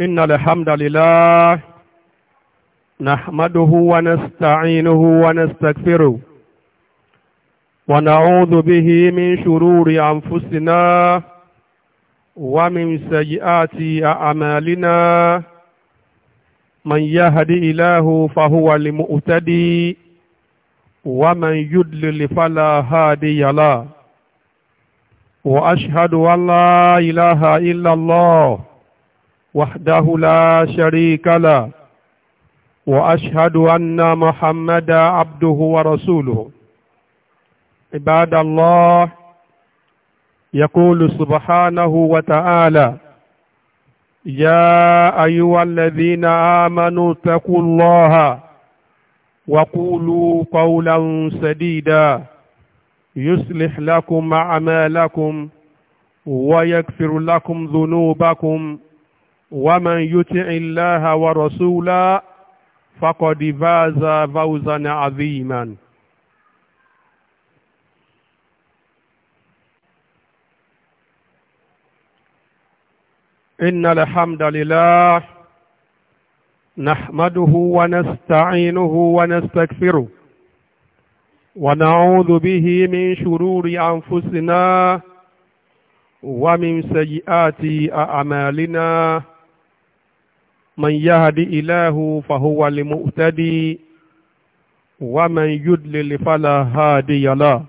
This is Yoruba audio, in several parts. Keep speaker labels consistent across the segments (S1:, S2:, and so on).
S1: إن الحمد لله نحمده ونستعينه ونستغفره ونعوذ به من شرور أنفسنا ومن سيئات أعمالنا من يهدي إله فهو المؤتدي ومن يدلل فلا هادي له وأشهد أن لا إله إلا الله وحده لا شريك له وأشهد أن محمدا عبده ورسوله عباد الله يقول سبحانه وتعالى يا أيها الذين آمنوا اتقوا الله وقولوا قولا سديدا يصلح لكم أعمالكم ويغفر لكم ذنوبكم ومن يطع الله ورسوله فقد فاز فوزا عظيما إن الحمد لله نحمده ونستعينه ونستغفره ونعوذ به من شرور أنفسنا ومن سيئات أعمالنا من يهد إله فهو لمؤتدي ومن يدلل فلا هادي له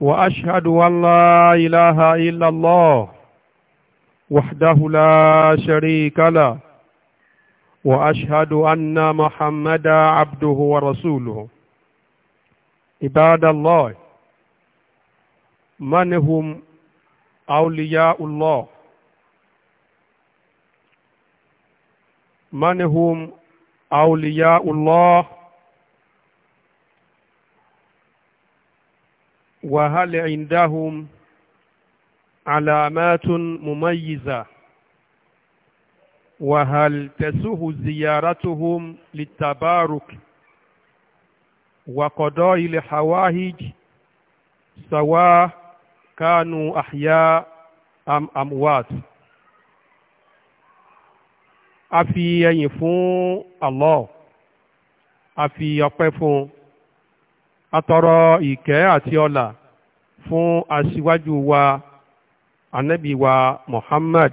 S1: وأشهد أن لا إله إلا الله وحده لا شريك له وأشهد أن محمدا عبده ورسوله عباد الله من هم أولياء الله من هم أولياء الله وهل عندهم علامات مميزة وهل تسه زيارتهم للتبارك وقضاء الحوائج سواء كانوا أحياء أم أموات a fi ẹyìn fún Allah a fi ọpẹ́ fún a tọrọ ìkẹ́ àti ọlà fún aṣíwájú wa ànábì wa Muhammad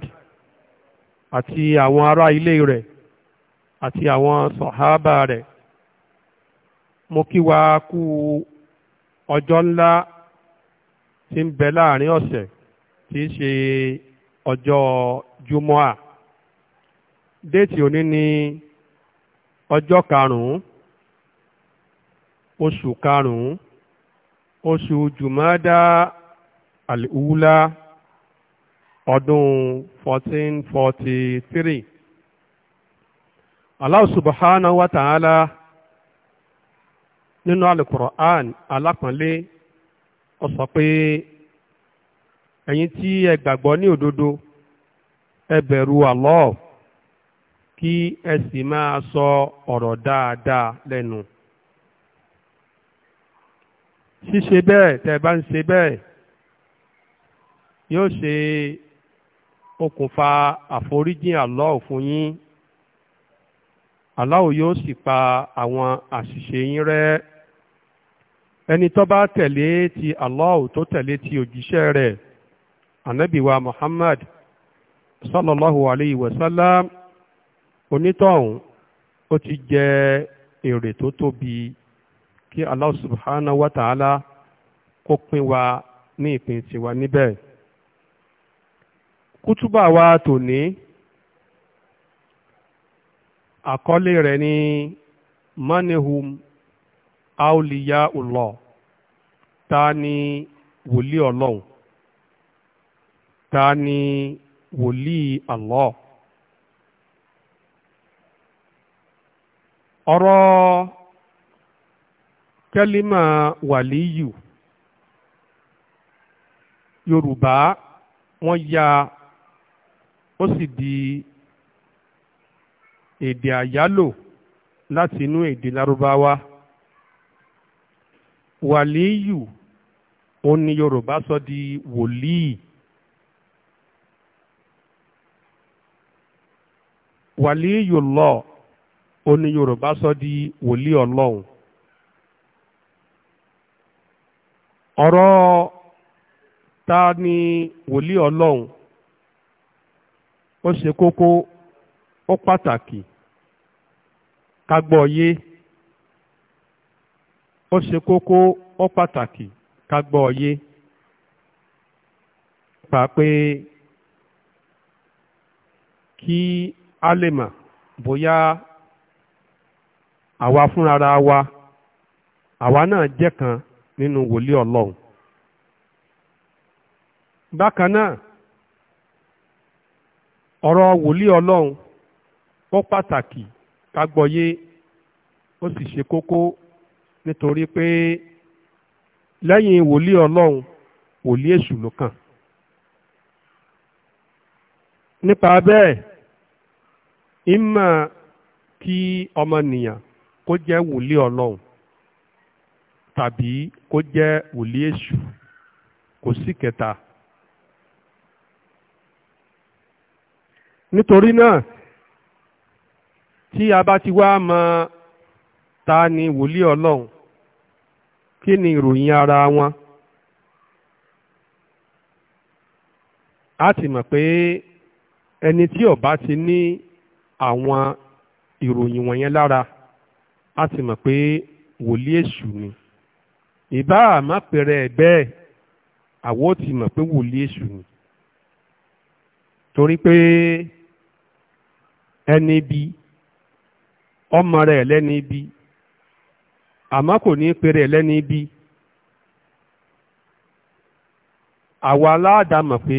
S1: àti àwọn ará ilé rẹ̀ àti àwọn sọ̀hábà rẹ̀ mo kí wa kú ọjọ́ ńlá tí ń bẹ láàrin ọ̀sẹ̀ tí í ṣe ọjọ́ júmọ́à déètì òní ni ọjọ́ karùn-ún oṣù karùn-ún oṣù jùmọ́dá àlùwúlá ọdún 1443 Allah subhanahu wa ta'ala nínú alukur'an alápọ̀nlé ó sọ pé ẹ̀yin tí ẹ gbàgbọ́ ní òdodo ẹ bẹ̀rù Allah kí ẹ sì máa sọ ọ̀rọ̀ dáadáa lẹ́nu ṣíṣe bẹ́ẹ̀ tẹ́ bá ń ṣe bẹ́ẹ̀ yóò ṣe okùnfà àforíjìn Allah fún yín Allah yóò sì pa àwọn àṣìṣe yín rẹ́ ẹni tó bá tẹ̀lé ti Allah tó tẹ̀lé ti òjíṣẹ́ rẹ̀ ànábì Muhammad sallallahu alayhi wa sallam onítọ̀hún ó ti jẹ èrè tó tóbi kí Allah subhanahu wa kó pín wa ní ìpín tiwa níbẹ̀ kútúbà wa tòní àkọlé rẹ̀ ni manihum ulọ ta ta ni wòlíì ọ̀rọ̀ kẹ́límà wàlíyù yorùbá wọ́n ya ó sì di èdè àyálò láti inú èdè lárúbáwá wàlíyù òun ni yorùbá sọ di wòlíì wàlíyù lọ. ó ní yorùbá sọ di wòlíì ọlọ́run ọ̀rọ̀ ta ni wòlíì ọlọ́run ó ṣe kókó ó pàtàkì ká gbọ́ yé ó ṣe kókó ó pàtàkì ká yé pa pé kí a lè mà bóyá àwa fúnra wa àwa náà jẹ́ kan nínú wòlí ọlọ́run bákan náà ọ̀rọ̀ wòlí ọlọ́run ó pàtàkì ka gbọye ó sì ṣe kókó nítorí pé lẹ́yìn wòlí ọlọ́run wòlíì èṣù ló kàn nípa bẹ́ẹ̀ ìmọ̀ kí ọmọnìyàn kó jẹ́ wòlíì ọlọ́run tàbí kó jẹ́ wòlíì èṣù kò sí kẹta. nítorí náà tí a bá ti wá mọ ta ni wòlíì ọlọ́run kí ni ìròyìn ara wọn a ti mọ̀ pé ẹni tí ó ti ní àwọn ìròyìn wọ̀nyẹn lára a sì mọ̀ pé wòlíì èṣù ni ìbá àmọ́ pẹ̀rẹ̀ ẹ̀ bẹ́ẹ̀ àwọn ò ti mọ̀ pé wòlíì èṣù ni torí pé ẹni bí ọmọ rẹ̀ lẹ́ni bí àmọ́ kò ní pẹ̀rẹ̀ lẹ́ni bí àwa aládàámọ̀ pé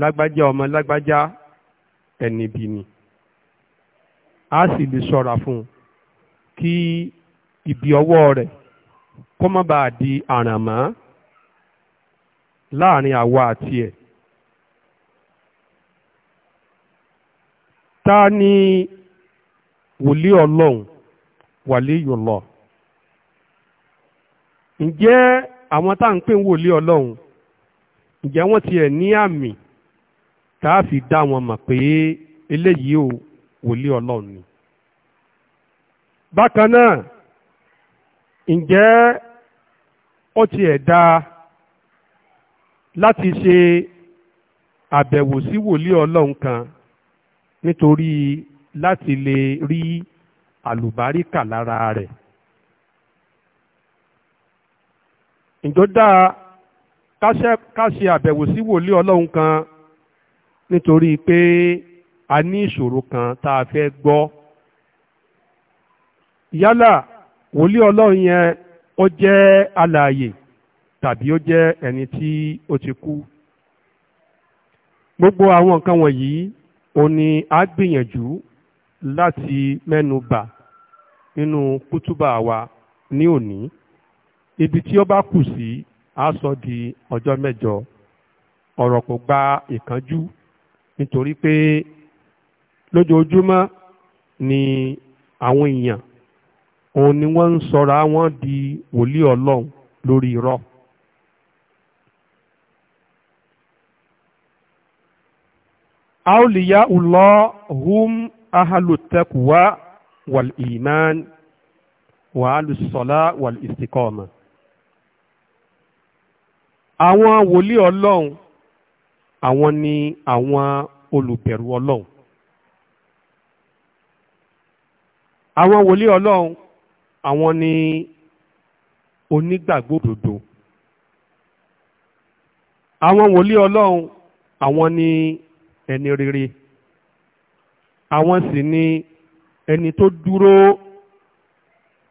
S1: lágbájá ọmọ lágbájá ẹni bí ni a sì lè ṣọ́ra fún un kí ibi ọwọ́ rẹ̀ kó má bàa di àràmá láàrin àwa àti ẹ̀. ta ni wòlíì ọlọ́run wàlíyù lọ. ǹjẹ́ àwọn tá à ń pè ń wòlíì ọlọ́run ǹjẹ́ wọ́n tiẹ̀ ní àmì tá a fi dá wọn mọ̀ pé eléyìí ò wòlíì ọlọ́run ni bákan náà ǹjẹ́ ó tiẹ̀ dáa láti ṣe àbẹ̀wò sí wòlíì ọlọ́run kan nítorí láti lè rí àlùbáríkà lára rẹ̀ ǹjọ́ dáa ká ṣe àbẹ̀wò sí wòlíì ọlọ́run kan nítorí pé a ní ìṣòro kan tá a fẹ́ gbọ́ yálà wòlíì ọlọ́run yẹn ó jẹ́ alààyè tàbí ó jẹ́ ẹni tí ó ti kú gbogbo àwọn nǹkan wọ̀nyí ó ní gbìyànjú láti mẹ́nu bà nínú kútúbà wa ní òní ibi tí ó bá kù sí a sọ di ọjọ́ mẹ́jọ ọ̀rọ̀ kò gba ìkánjú nítorí pé lójoojúmọ́ ni àwọn èèyàn òun ni wọ́n ń sọra wọ́n di wòlíì ọlọ́run lórí irọ́. awliya ulọ hum ahalutakuwa wal iman wa alusola wal istikoma. àwọn wòlíì ọlọ́run àwọn ni àwọn olùbẹ̀rù ọlọ́run. àwọn wòlíì ọlọ́run àwọn ni onígbàgbọ́ òdodo àwọn wòlíì ọlọ́run àwọn ni ẹni rere àwọn sì ni ẹni tó dúró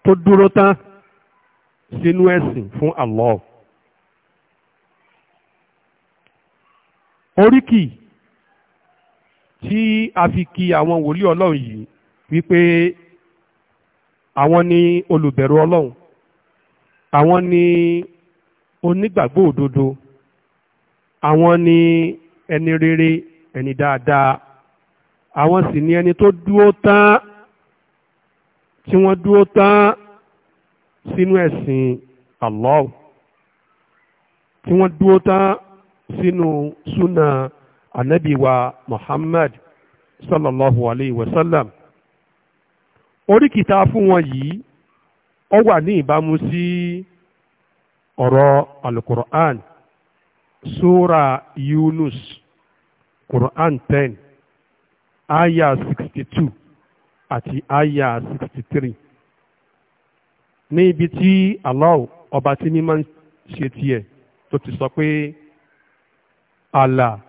S1: tó dúró tán sínú ẹ̀sìn fún Allah oríkì tí a fi kí àwọn wòlíì ọlọ́run yìí wípé àwọn ni olùbẹ̀rù ọlọ́run àwọn ni onígbàgbọ́ òdodo àwọn ni ẹni rere ẹni dáadáa àwọn sì ni ẹni tó dúró tán tí wọ́n dúró tán sínú ẹ̀sìn Allah tí wọ́n dúró tán sínú súnà ànábì wa Muhammad sallallahu alayhi wa sallam orikita fún wọn yìí ó wà ní ìbámu sí ọ̀rọ̀ alukur'an sura yunus quran ten aya sixty two àti aya sixty three ní ibi tí Allah ọba tí mímọ́ ń ṣe ti sọ pé àlà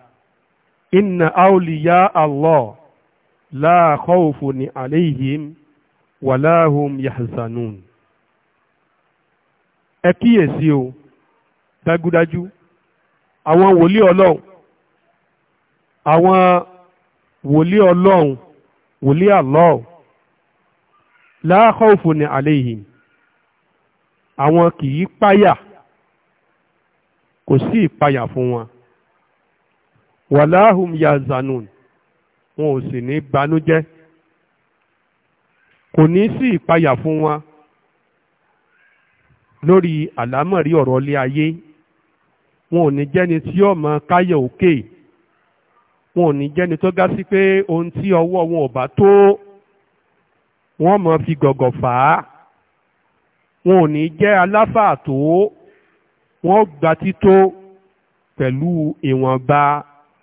S1: inna awliya Allah la khawfun alayhim. wàláhùm yahzanun ẹ kíyèsí o dájúdájú àwọn wòlíì ọlọ́run àwọn wòlíì ọlọ́run wòlíì Allah la khawfun alayhim àwọn kì í páyà kò sí ìpayà fún wọn wàláhùm yahzanun wọn ò sì ní banújẹ́ kò ní sí ìpayà fún wọn lórí àlámọ̀rí ọ̀rọ̀ ilé ayé wọn ò ní jẹ́ni tí ó mọ káyọ̀ òkè wọn ò ní jẹ́ni tó gá sí pé ohun tí ọwọ́ wọn ò bá tó wọ́n mọ̀ fi gọ̀gọ̀ fà á wọn ò ní jẹ́ aláfà tó gba tító pẹ̀lú ìwọ̀nba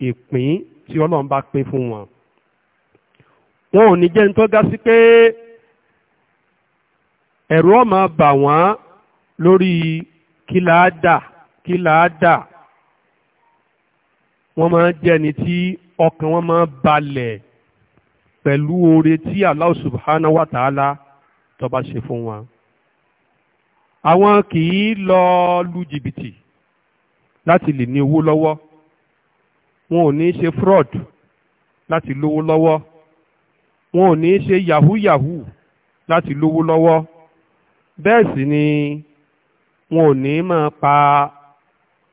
S1: ìpín tí ọlọ́run bá pín fún wọn wọn ò ní jẹ́ni tó gá sí pé ẹ̀rù ó máa bà wọ́n lórí kíláàdà kíláàdà wọ́n máa jẹ́ ẹni tí ọkàn wọn máa balẹ̀ pẹ̀lú oore tí Allah subhanahu wa ta'ala tó bá ṣe fún wọn àwọn kì í lọ lu jìbìtì láti lè ní owó lọ́wọ́ wọn ò ní ṣe fraud láti lówó lọ́wọ́ wọn ò ní ṣe yahoo yahoo láti lówó lọ́wọ́ bẹ́ẹ̀ sì ni wọn ò ní máa pa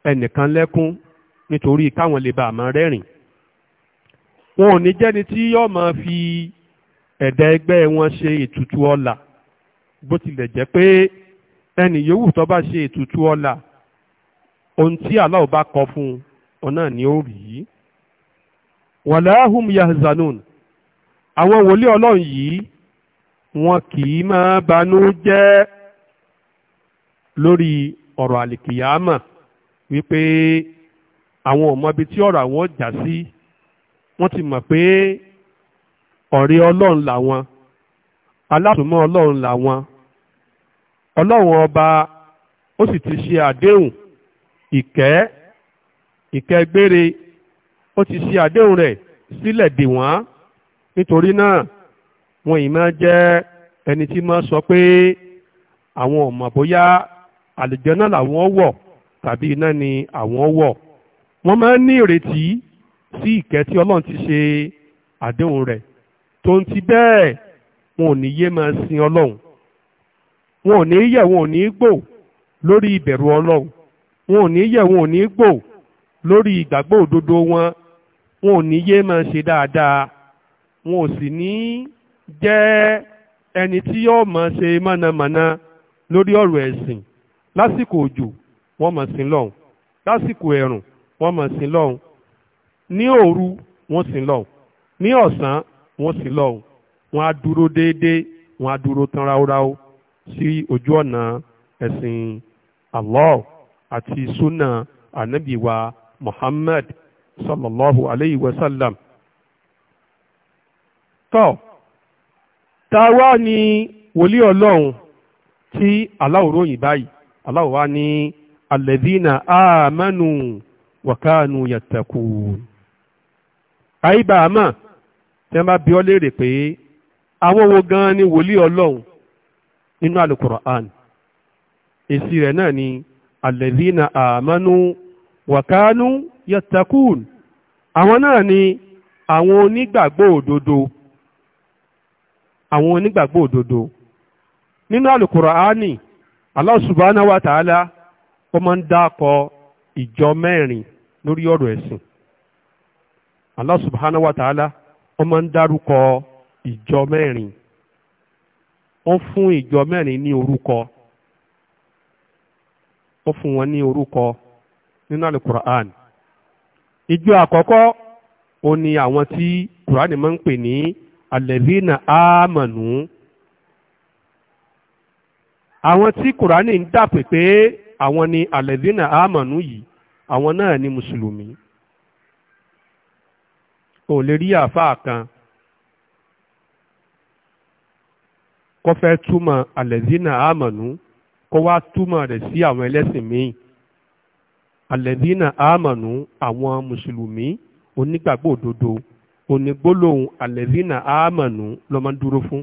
S1: ẹnìkan lẹ́kún nítorí káwọn lè bá àmọ́ rẹ́rìn wọn ò ní jẹ́ni tí yóò máa fi ẹ̀dá ẹgbẹ́ wọn ṣe ètùtù ọlà bó tilẹ̀ jẹ́ pé ẹnì yòówù tó bá ṣe ètùtù ọlà ohun tí Allah bá kọ fún un ọ̀nà ni ó rí wàláhùm yahzanun àwọn wòlíì ọlọ́run yìí wọn kì í máa banú jẹ́ lórí ọ̀rọ̀ àlìkìyàmà wípé àwọn ò mọbi tí ọ̀rọ̀ àwọn jà sí wọ́n ti mọ̀ pé ọ̀rẹ́ ọlọ́run làwọn alásùnmọ́ ọlọ́run làwọn ọlọ́run ọba ó sì ti ṣe àdéhùn ìkẹ́ ìkẹ́ gbére ó ti ṣe àdéhùn rẹ̀ sílẹ̀ dè nítorí náà wọn ì máa jẹ́ ẹni tí máa sọ pé àwọn ò mọ̀ bóyá àlùjànnà làwọn wọ̀ tàbí iná ni àwọn wọ̀ wọ́n máa ń ní ìrètí sí ìkẹ́ tí ọlọ́run ti ṣe àdéhùn rẹ̀ tó ń ti bẹ́ẹ̀ wọn ò ní yé máa sin ọlọ́run wọn ò ní yẹ̀ wọn ò ní gbò lórí ìbẹ̀rù ọlọ́run wọn ò ní yẹ̀ wọn ò ní gbò lórí ìgbàgbọ́ òdodo wọn wọn ò ní yé máa ṣe dáadáa wọn ò sì ní jẹ́ ẹni tí yóò máa ṣe mọ̀nàmọ́ná lórí ọ̀rọ̀ ẹ̀sìn lásìkò òjò wọ́n máa sìn lọ́hùn lásìkò ẹ̀rùn wọ́n máa sìn lọ́hùn ní òru wọ́n sìn lọ́hùn ní ọ̀sán wọ́n sìn lọ́hùn wọ́n á dúró déédéé wọ́n á dúró tán ráúráú sí ojú ọ̀nà ẹ̀sìn Allah àti sunna ànábì wa Muhammad sallallahu alayhi wa sallam ta wá ní wòlíì ọlọ́run tí Allah ròyìn báyìí Allah wá ní alladhina amanu wa kanu yattaqun àyíbá àmà tí wọ́n bá bi ọ́ léèrè pé àwọn wo gan ni wòlíì ọlọ́run nínú alukur'an èsì rẹ̀ náà ni alladhina amanu wa kanu àwọn náà ni àwọn onígbàgbọ́ òdodo àwọn onígbàgbọ́ òdodo nínú àlùkùránì Allah subhanahu wa ta'ala ó máa ń dákọ ìjọ mẹ́rin lórí ọ̀rọ̀ ẹ̀sìn Allah subhanahu ta'ala ó máa ń dárúkọ ìjọ mẹ́rin ó fún ìjọ mẹ́rin ní orúkọ ó fún wọn ní orúkọ nínú àlùkùránì ìjọ àkọ́kọ́ ó ní àwọn tí kùránì máa ń pè ní alẹ́bínà àmọ̀nù àwọn tí kùránì ń dàpè pé àwọn ni alẹ́bínà àmọ̀nù yìí àwọn náà ni mùsùlùmí ò lè rí àáfàá kan kó fẹ́ túmọ̀ alẹ́bínà àmọ̀nù kó wá túmọ̀ rẹ̀ sí àwọn ẹlẹ́sìn míì alẹ́bínà àmọ̀nù àwọn mùsùlùmí onígbàgbọ́ òdodo onígbólóhùn alẹ́zínà àmànù ló máa ń dúró fún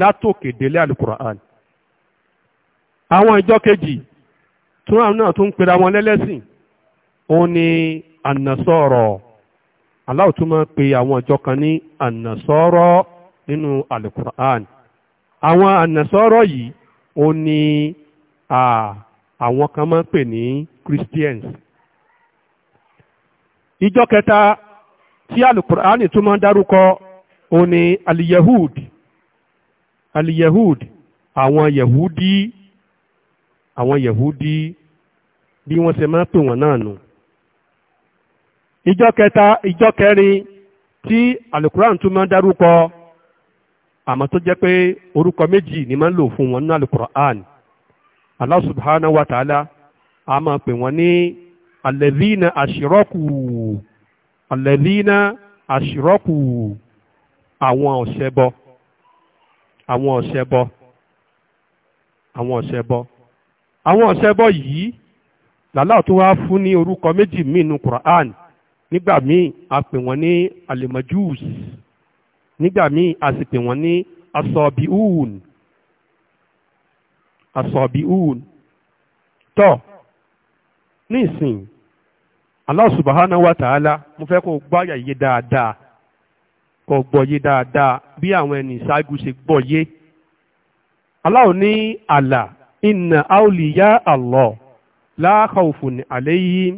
S1: látòkè délé alukur'an àwọn ìjọ kejì tún àwọn náà tún ń pera wọn lẹ́lẹ́sìn òun ni ànàsọ̀rọ̀ Allah tún máa ń pe àwọn ìjọ kan ní ànàsọ̀rọ̀ nínú alukur'an àwọn ànàsọ̀rọ̀ yìí òun ni àwọn kan máa ń pè ní christians ìjọ kẹta tí alukur'ani tó máa ń dárúkọ ó ní aliyahud aliyahud àwọn yahudi àwọn yahudi bí wọ́n ṣe máa ń pè wọ́n náà nù. ìjọ kẹta ìjọ kẹrin tí alukur'ani tó máa ń dárúkọ àmọ́ tó jẹ́ pé orúkọ méjì ni máa ń lò fún wọn ní alukur'ani Allah subhanahu wa ta'ala a máa pè wọ́n ní alladhina ashraku àlẹ́línà àṣírọ́kù àwọn ọ̀ṣẹ́bọ àwọn ọ̀ṣẹ́bọ àwọn ọ̀ṣẹ́bọ àwọn ọ̀ṣẹ́bọ yìí làláà tó wá fún ní orúkọ méjì míì nu Qur'an nígbà míì a pè wọ́n ní alimajus nígbà míì a sì pè wọ́n ní asọ̀bíhùn asọ̀bíhùn tọ́ nísìnyí Allah subhanahu wa ta'ala mo fẹ́ kó gbọ́ àyà yé dáadáa kó gbọ́ yé dáadáa bí àwọn ẹni ìṣáájú ṣe gbọ́ yé. Allah ní àlà inna awliya Allah la khawfun alayhim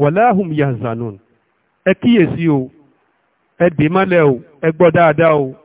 S1: wa la hum yahzanun. ẹ kíyèsí o ẹ dè mọ́lẹ̀ o ẹ gbọ́ dáadáa o